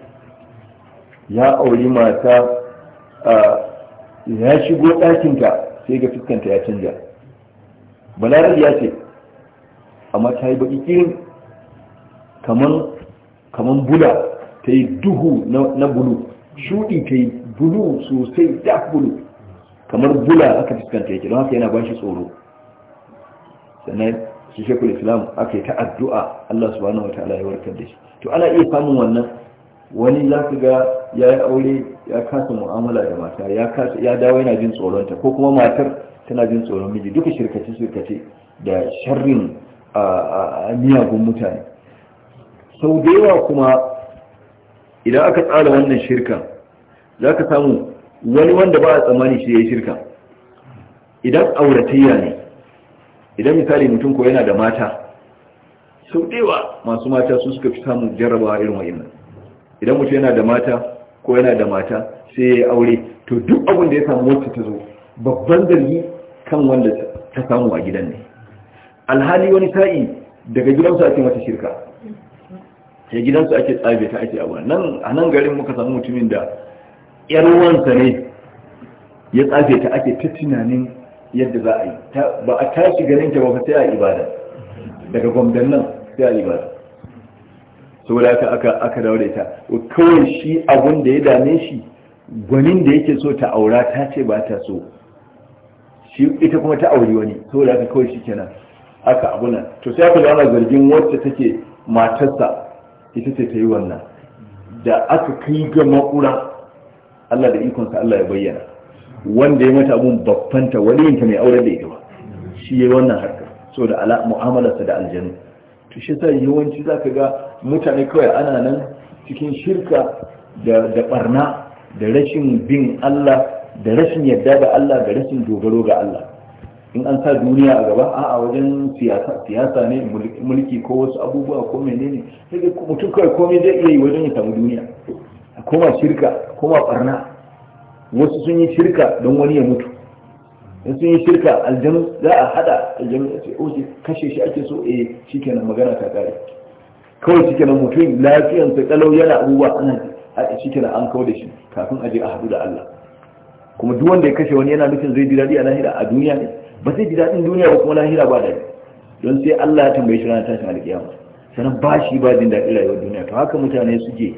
ya auri mata ya shigo ɗakinka sai ga fuskanta ya canja balarar ya ce amma ta yi baƙi kirin kaman bula ta yi duhu na bulu shuɗi ta yi bulu sosai dark bulu kamar bula aka fuskanta yake don haka yana ba shi tsoro sannan shi shekul islam aka yi ta addu'a allah subhanahu wa ta'ala ya warkar da shi to ana iya samun wannan wani za ka ga ya yi aure ya kasa mu'amala da mata ya dawo yana jin tsoronta ko kuma matar tana jin tsoron miji duka shirkace-shirkace da sharrin miyagun mutane sau da yawa kuma idan aka tsara wannan shirkan za ka samu wani wanda ba a tsammani shi ya yi shirkan idan auratayya ne idan misali mutum ko yana da mata sau da yawa masu mata su suka fi samun jarrabawa irin wa'in idan mutum yana da mata ko yana da mata sai ya aure to duk abin da ya samu wacce ta zo babban zargi kan wanda ta samu a gidan ne alhali wani sa'i daga gidansu ake mata shirka sai gidansu ake tsabe ta ake abu a nan garin muka samu mutumin da yar wansa ne ya tsabe ta ake ta tunanin yadda za a yi ba a tashi ganin ta ba sai a ibada daga gwamnan nan sai a ibada saboda haka aka aka dawo da ita kawai shi abun da ya dame shi gwanin da yake so ta aura ta ce ba ta so shi ita kuma ta auri wani saboda haka kawai shi kenan aka abuna to sai aka zauna zargin wacce take matarsa ita ce ta yi wannan da aka kai ga makura Allah da ikonsa Allah ya bayyana wanda ya mata abun babbanta waliyinta mai aure da ita ba shi ya yi wannan harka so da mu'amalarsa da aljanu to yawanci za ka ga mutane kawai ana nan cikin shirka da barna da rashin bin Allah da rashin yadda da Allah da rashin dogaro ga Allah in an sa duniya a gaba a wajen siyasa ne mulki ko wasu abubuwa ko menene sai mutum kawai komai zai iya yi wajen ya samu duniya koma shirka koma barna wasu sun yi shirka don wani ya mutu in sun yi shirka aljanu za a hada aljanu a ce oce oh, kashe shi ake so eh kenan magana ta kare kawai kenan mutum lafiyansa kalau yana abubuwa ana kenan an kawo da shi kafin a je a hadu da Allah kuma duk wanda ya kashe wani yana nufin zai ji daɗi a lahira a duniya ne ba zai ji daɗin duniya ba kuma lahira ba daɗi don sai Allah ya tambaye shi ranar tashin alƙiyama sannan ba shi ba jin daɗin rayuwar duniya to haka mutane suke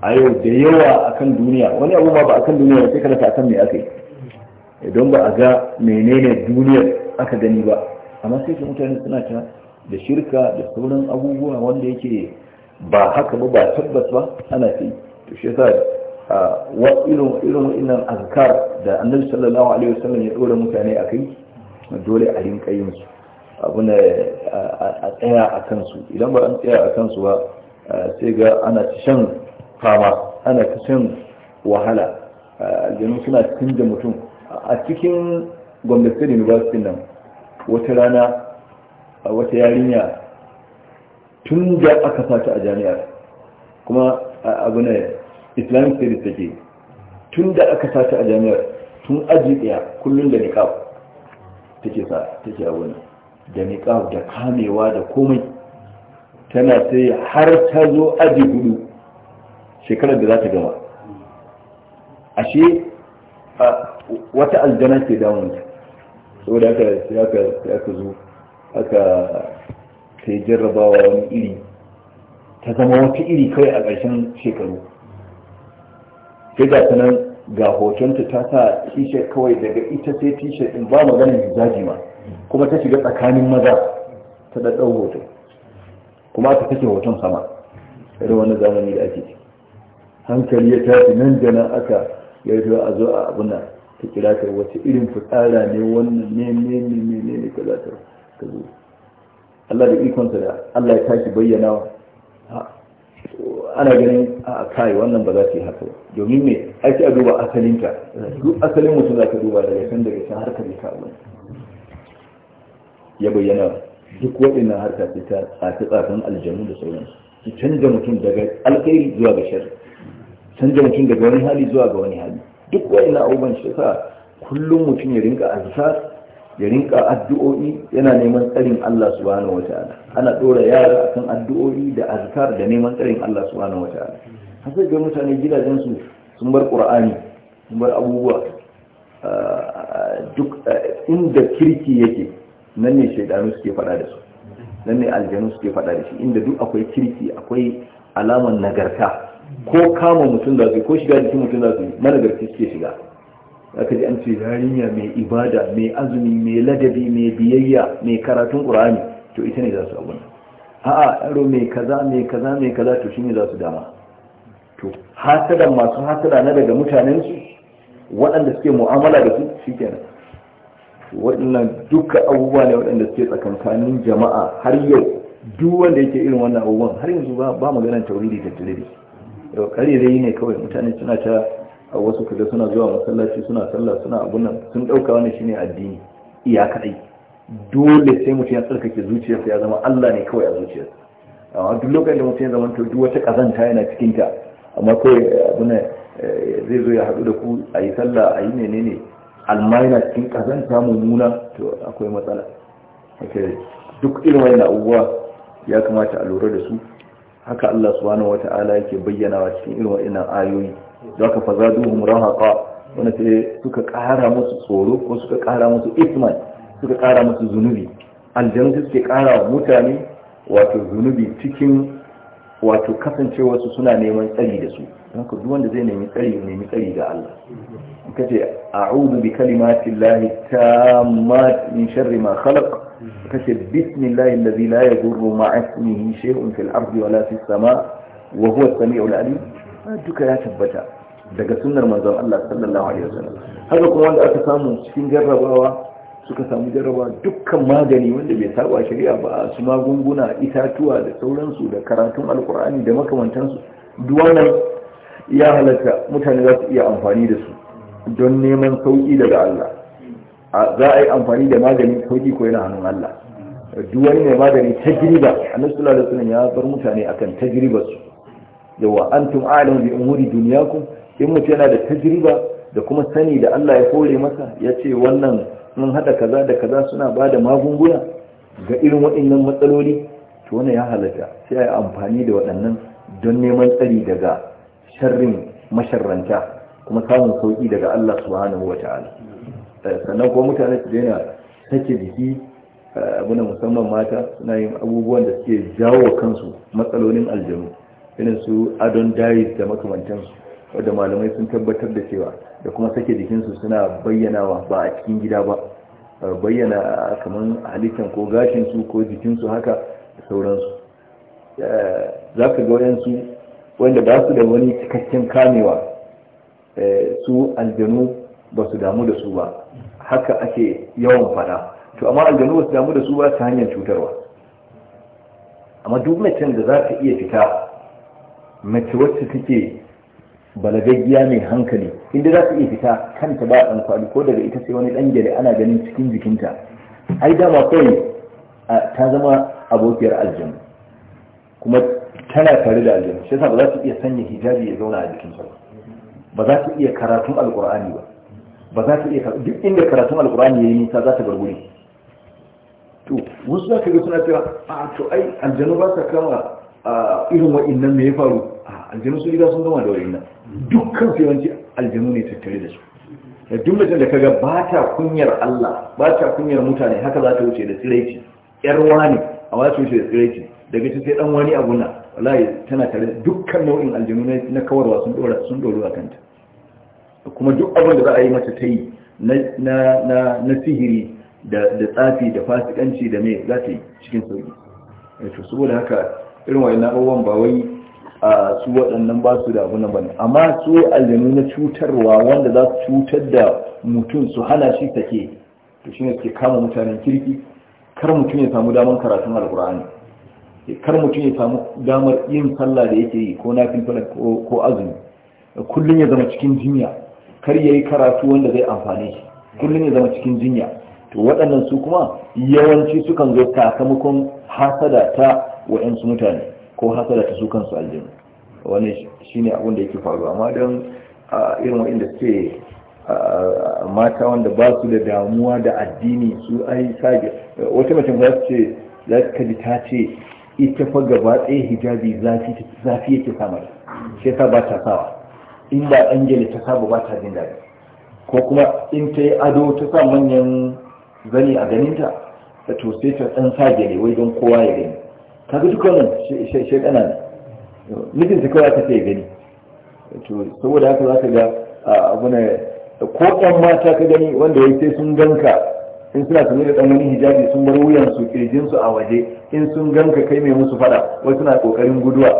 a yau da yawa akan duniya wani abu ma ba akan duniya sai ka ta akan me aka yi Idan ba a ga menene duniyar aka gani ba amma sai su mutane suna ta da shirka da sauran abubuwa wanda yake ba haka ba ba tabbas ba ana fi to shi yasa wa irin irin wannan azkar da annabi sallallahu alaihi wasallam ya dora mutane akai dole a rinka yin su da a tsaya a kansu idan ba an tsaya a kansu ba sai ga ana shan fama ana ta shan wahala aljanu suna cikin da mutum a cikin gwamnatin university nan wata rana a wata yarinya tun da aka sata a jami'ar kuma abu ne islamic studies take tun da aka sata a jami'ar tun aji daya kullum da niqab take sa take abu ne da niqab da kamewa da komai tana sai har ta zo aji hudu shekarar da za ta gama ashe wata aljana ke damun su da haka ya aka zo aka sai jarrabawa wani iri ta zama wata iri kai a ƙarshen shekaru sai ga ta nan ga hotonta ta sa t-shirt kawai daga ita sai t-shirt ɗin ba maganin hijaji ma kuma ta shiga tsakanin maza ta ɗaɗɗau hoto kuma aka take hoton sama irin wani zamani da ake hankali ya tafi nan da nan aka yarda a zo a abunan ta kira ta wace irin fitsara ne wannan ne ne ne ne ne ka za ta zo Allah da ikonsa da Allah ya tashi bayyana ana ganin a kai wannan ba za ta yi haka ba. domin me aiki a duba asalinta duk asalin mutum za ka duba daga can daga can harkar ya kawo ya bayyana duk waɗannan harka ce ta tsafi tsafin aljanu da sauransu su canza mutum daga alkhairi zuwa ga shari canza mutum daga wani hali zuwa ga wani hali duk na abubuwan shi sa kullum mutum ya rinka azkar ya rinka addu'o'i yana neman tsarin Allah subhanahu wata'ala ana ɗora yara kan addu'o'i da azkar da neman tsarin Allah subhanahu wata'ala hasai ga mutane gidajensu su sun bar qur'ani sun bar abubuwa ah, duk ah, inda kirki yake nan ne shaidanu suke fada da su nan ne aljanu suke fada da shi inda duk akwai kirki akwai alaman nagarta ko kama mutum za su ko shiga jikin mutum za su managarci suke shiga aka ji an ce yarinya mai ibada mai azumi mai ladabi mai biyayya mai karatun qur'ani to ita ne za su abun a'a yaro mai kaza mai kaza mai kaza to shine za su dama to hasada, masu hasada na daga mutanen su waɗanda suke mu'amala da su shikenan waɗannan duka abubuwa ne waɗanda suke tsakankanin jama'a har yau duk wanda yake irin wannan abubuwan har yanzu ba maganar tauridi da tuliri yau karerai ne kawai mutane suna ta a wasu kaga suna zuwa masallaci suna sallah suna abun nan sun dauka wani shine addini iya kadai dole sai mutum ya tsarkake zuciyarsa ya zama Allah ne kawai a zuciyarsa amma duk lokacin da mutum ya zama to duk wata kazanta yana cikin ta amma kawai eh, abun eh, zai zo ya haɗu da ku a yi sallah a yi menene alma yana cikin kazanta mummuna to akwai matsala duk irin wani abubuwa ya kamata a lura da su haka Allah subhanahu wata'ala yake bayyana wa cikin irin wa'annan ayoyi da aka fazaduhum rahaqa wanda sai suka ƙara musu tsoro ko suka ƙara musu isman suka ƙara musu zunubi aljanu suke ƙara wa mutane wato zunubi cikin wato kasancewa su suna neman tsari da su don ka wanda zai nemi tsari nemi tsari ga Allah kace a'udhu bi kalimati llahi min sharri ma khalaq kace bismillahi allazi la yadurru ma'a ismihi shay'un fil ardi wala fis sama wa huwa as-sami'ul alim ah, duka ya tabbata daga sunnar manzon Allah sallallahu alaihi wasallam haka kuma wanda aka samu cikin jarrabawa suka samu jarrabawa dukkan magani wanda bai saba shari'a ba su magunguna itatuwa da sauransu da karatun alkur'ani da makamantansu duwanan ya halatta mutane za su iya amfani da su don neman sauƙi daga Allah za a yi amfani da maganin sauki ko yana hannun Allah duk wani mai magani tajiriba. annabi sallallahu da sunan ya bar mutane akan tajribar su yawa antum a'lamu bi umuri dunyakum in mutum yana da tajiriba da kuma sani da Allah ya kore masa ya ce wannan sun hada kaza da kaza suna ba da magunguna ga irin waɗannan matsaloli to wannan ya halatta sai a yi amfani da waɗannan don neman tsari daga sharrin masharranta kuma samun sauƙi daga Allah subhanahu wa ta'ala sannan kuma mutane su daina sake jiki eh, abu na musamman mata suna yin abubuwan da suke jawo kansu matsalolin aljanu irin su adon dayi da makamantansu wadda malamai sun tabbatar da cewa da kuma sake jikinsu suna bayyanawa ba a cikin gida ba bayyana kamar halittar ko gashinsu ko jikinsu haka da sauransu eh, za ka ga wayansu wanda ba su da wani cikakken kamewa eh, su aljanu ba su damu da su ba haka ake yawan fada to amma aljanu ba su damu da su ba ta hanyar cutarwa amma duk mutum da za ta iya fita mace wacce take balagaggiya mai hankali inda za ta iya fita kanta ba ɗan kwali ko daga ita sai wani ɗan gyare ana ganin cikin jikinta ai dama kawai ta zama abokiyar aljanu kuma tana tare da aljanu shi yasa ba za ta iya sanya hijabi ya zauna a jikinta ba ba za ta iya karatun alkur'ani ba ba za ta iya duk inda karatun alkur'ani ya yi nisa za ta bar wuri to wasu za ka ga suna cewa a to ai aljanu ba sa kama irin wa'innan me ya faru aljanu sun riga sun gama da wa'innan dukkan su yawanci aljanu ne tattare da su da duk mutum da kaga ba ta kunyar Allah ba ta kunyar mutane haka za ta wuce da tsiraici yar wani a wata wuce da tsiraici daga ci sai dan wani a na wallahi tana tare dukkan nau'in aljanu na kawarwa sun dora sun dora kanta kuma duk abin da za a yi mata ta yi na sihiri da tsafi da fasikanci da mai za ta yi cikin sauki eh to saboda haka irin wayan abubuwan ba wai a su waɗannan ba su da abunan ne. amma su aljanu na cutarwa wanda za su cutar da mutum su hana shi take to shi ne suke kama mutanen kirki kar mutum ya samu damar karatun alkur'ani eh kar mutum ya samu damar yin sallah da yake yi ko na ko azumi kullum ya zama cikin jinya kar ya yi karatu wanda zai amfane shi kullum ya zama cikin jinya to waɗannan su kuma yawanci sukan zo sakamakon hasada ta wa'yansu mutane ko hasada ta su kansu aljihu wani shine abin da yake faru. amma don irin wa'inda ce mata wanda ba su da damuwa da addini su ai sage wata mace za su ce za su kaji ta ce ita fa gaba ɗaya hijabi zafi yake samar shi yasa ba ta sawa in ba angeli ta saba ba ta jin daɗi ko kuma in ta yi ado ta sa manyan zani a ganinta ta to sai ta ɗan sa gele wai don kowa ya gani kaga duka nan shaidana ne ta kawai aka ce gani to saboda haka za ka ga abu ne ko ɗan mata ka gani wanda ya sai sun ganka in suna sanye da ɗan hijabi sun bar wuyan su kirjin su a waje in sun ganka kai mai musu fada wai suna kokarin guduwa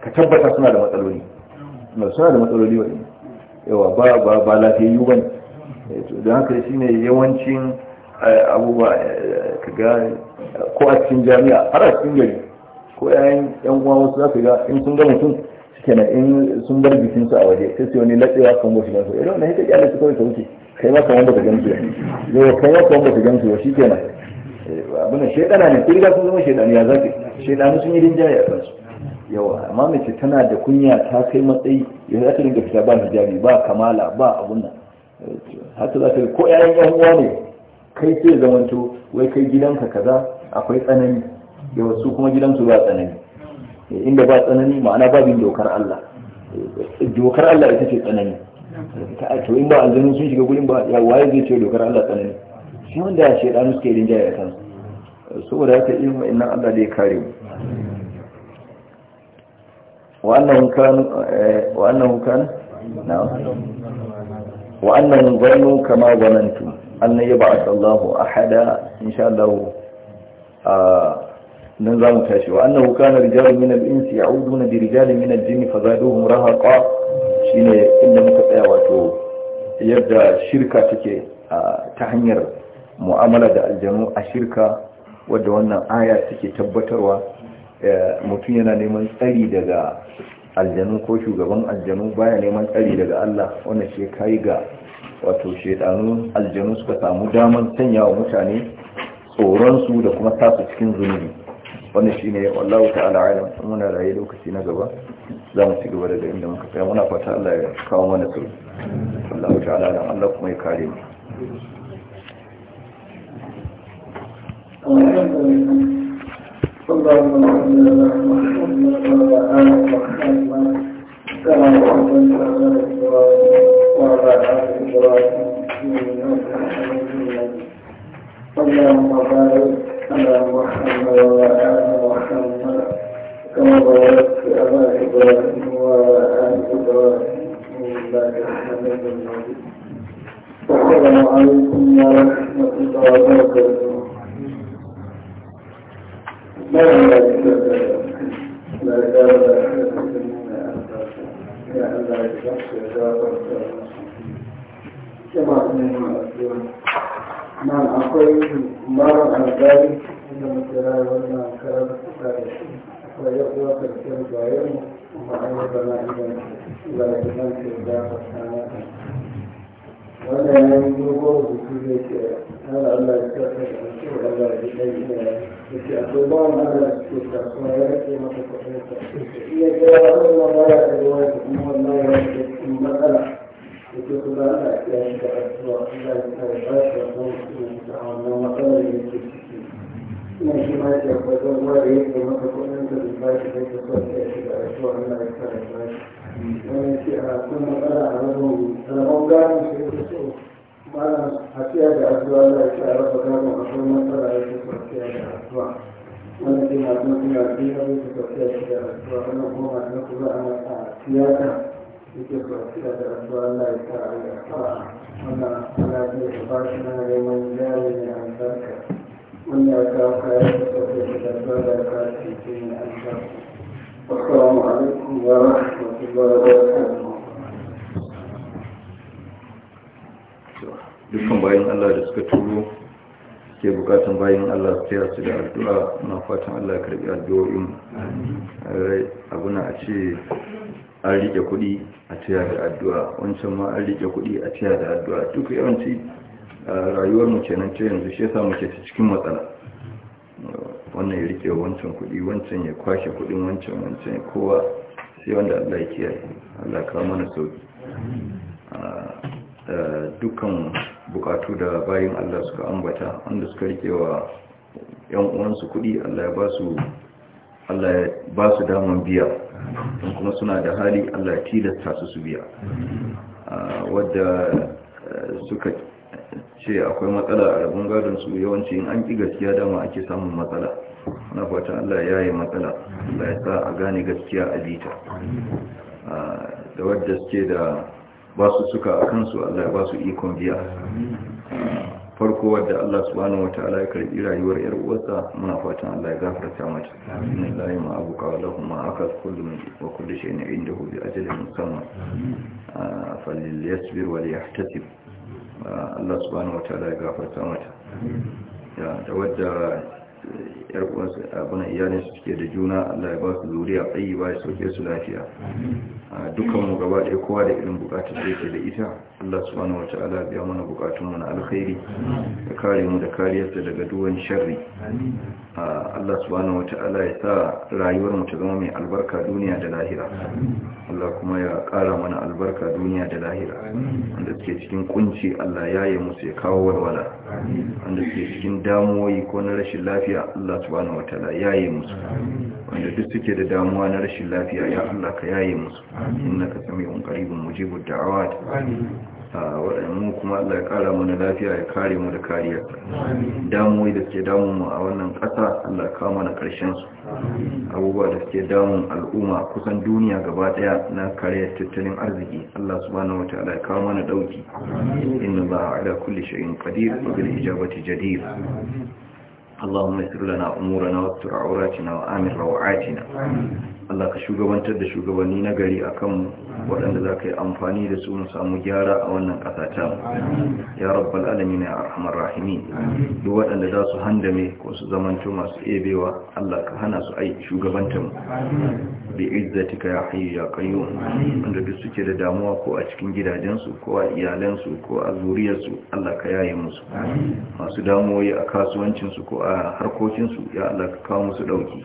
ka tabbata suna da matsaloli na suna da matsaloli wani yawa ba ba ba lafiyayyu ba eh, don haka shi ne yawancin eh, abubuwa eh, ka ga ko a cikin jami'a har a cikin gari ko yayan yan uwa wasu za su ga in sun ga mutum na in sun bar jikin su a waje sai su wani latsewa kan goshi ba su irin wannan hita kyale su kawai ta wuce kai ma wanda ta gamsu ya yau kai ma wanda ta gamsu ya shikenan abin da shaidana ne sai ga sun zama shaidani ya zaki shedani sun yi rinjaye a kansu yawa amma mace tana da kunya ta kai matsayi yanzu za ta dinga fita ba hijabi ba kamala ba abun nan haka za ta ko 'ya'yan 'yan uwa ne kai sai zamanto wai kai gidanka kaza akwai tsanani yawa su kuma gidansu ba tsanani eh, inda ba tsanani ma'ana babin dokar Allah eh, dokar Allah ita ce tsanani to in ba aljanun sun shiga gurin ba ya waye zai ce dokar Allah tsanani shi wanda ya shaidanu suke rinjaye a kansu saboda haka irin wa'annan Allah zai kare mu wannan zannu kama zanantu annan a sallahu a hada inshallahu a nan zamu tashi wannan hukana rijalin minal insi na bi jini fazaduhun rahaka shi inda muka tsaya wato yadda shirka take ta hanyar mu'amala da aljanu a shirka wadda wannan aya take tabbatarwa mutum yana neman tsari daga aljanu ko shugaban aljanu baya neman tsari daga Allah wanda shi kai ga wato shedanu aljanu suka samu damar sanya wa mutane tsoronsu da kuma tasu cikin zunubi wanda shi ne wallahu ta'ala alam muna raye lokaci na gaba za mu ci gaba daga inda muka tsaya muna fata Allah ya kawo mana su wallahu ta'ala alam Allah kuma ya kare mu اللهم بارك على محمد وعلى آل محمد كما باركت على إبراهيم وعلى آل إبراهيم إنك السلام عليكم ورحمة الله وبركاته nan akwai marar albari inda mutane wannan akwai yau bayan ma'aikata na idan da wannan ya yi dogon hana Allah ya kasa da shi wa Allah ya kai shi ne ya ce akwai ba wani Allah ya ce kasuwa ya ga wannan ma kuma wani ce a kun matsala a wani rabon gano shi ya so mana hasiya da addu'a da ya a raba gano a kun matsala ya ce hasiya da addu'a wani ce na kuma suna biya da su hasiya da addu'a wani kuma masu kuma a masa hasiya ce kwanciya da rasuwa Allah ya ce a yasa wannan ana ce da ba shi na neman jari ne an sarka wanda ya kawo kayan da sauke da rasuwa da ya kawo cikin an sarka dukkan bayan Allah da suka turo ke bukatan bayan Allah su taya su da addu'a na fatan Allah karbi addu'o'in abuna a ce an rike kuɗi a taya da addu'a wancan ma an rike kuɗi a taya da addu'a duk yawanci rayuwar mu kenan ce yanzu shi ya samu ke cikin matsala wannan ya rike wancan kudi wancan ya kwashe kudin wancan wancan kowa sai wanda Allah ya kiyaye Allah kawo mana sauki ah, eh, dukkan bukatu da bayin Allah suka ambata wanda suka rike wa yan uwansu kudi Allah ya ba su Allah ya ba su daman biya don kuma suna da hali Allah ya tilasta su su biya ah, wadda eh, suka ce akwai matsala a rabin gadon su yawanci in an ki gaskiya dama ake samun matsala na fata Allah ya yi matsala Allah ya sa a gane gaskiya a bita da wadda suke da ba su suka a kansu Allah ya ba su ikon biya farko wadda Allah subhanahu wataala ya karbi rayuwar yar uwarsa muna fatan Allah ya gafarta mata inna lillahi ma abuka wa lahu ma akas kullu min wa kullu shay'in indahu bi ajalin musamma fa lil yasbir wa liyahtasib Allah subhanahu wa ta'ala ya gafarta mata da wadda yar uwansu abin iyalin su suke da juna Allah ya ba su zuriya tsayi ba ya sauke su lafiya dukkan mu gaba ɗaya kowa da irin bukatun da yake da ita Allah subhanahu wataala biya mana bukatun mu na alkhairi ya kare mu da kariyarsa daga duwan sharri Allah subhanahu wataala ya sa rayuwar mu ta zama mai albarka duniya da lahira Allah kuma ya kara mana albarka duniya da lahira wanda suke cikin kunci Allah ya yi musu ya kawo walwala wanda suke cikin damuwoyi ko na rashin lafiya Allah Allah subhanahu wataala yi musu wanda duk suke da damuwa na rashin lafiya ya Allah ka yi musu innaka sami'un qaribun mujibud da'awat mu kuma Allah ya kara mana lafiya ya kare mu da kariya damuwoyi da suke damun mu a wannan ƙasa Allah ya kawo mana ƙarshen su abubuwa da suke damun al'umma kusan duniya gaba daya na kare tattalin arziki Allah subhanahu wataala ya kawo mana dauki inna Allah ala kulli shay'in qadir wa bil ijabati jadir اللهم يسر لنا أمورنا واستر عوراتنا وآمن روعاتنا Allah ka shugabantar da shugabanni na gari a kanmu waɗanda za ka yi amfani da su mu samu gyara a wannan ƙasa ta ya rabbal alamin ya arhamar rahimi duk waɗanda za su handame ko su zamanto masu ebewa Allah ka hana su ai shugabantar mu bi ka ya hayyu ya qayyum wanda duk suke da damuwa ko a cikin gidajensu ko a iyalansu ko a zuriyarsu Allah ka yaye musu masu damuwoyi a kasuwancinsu ko a harkokinsu ya Allah ka kawo musu ɗauki.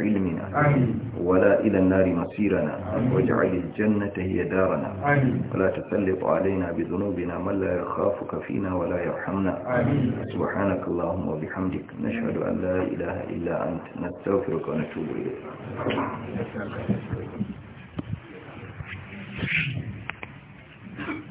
علمنا ولا إلى النار مصيرنا واجعل الجنة هي دارنا ولا تسلط علينا بذنوبنا من لا يخافك فينا ولا يرحمنا سبحانك اللهم وبحمدك نشهد أن لا إله إلا أنت نستغفرك ونتوب إليك Thank you.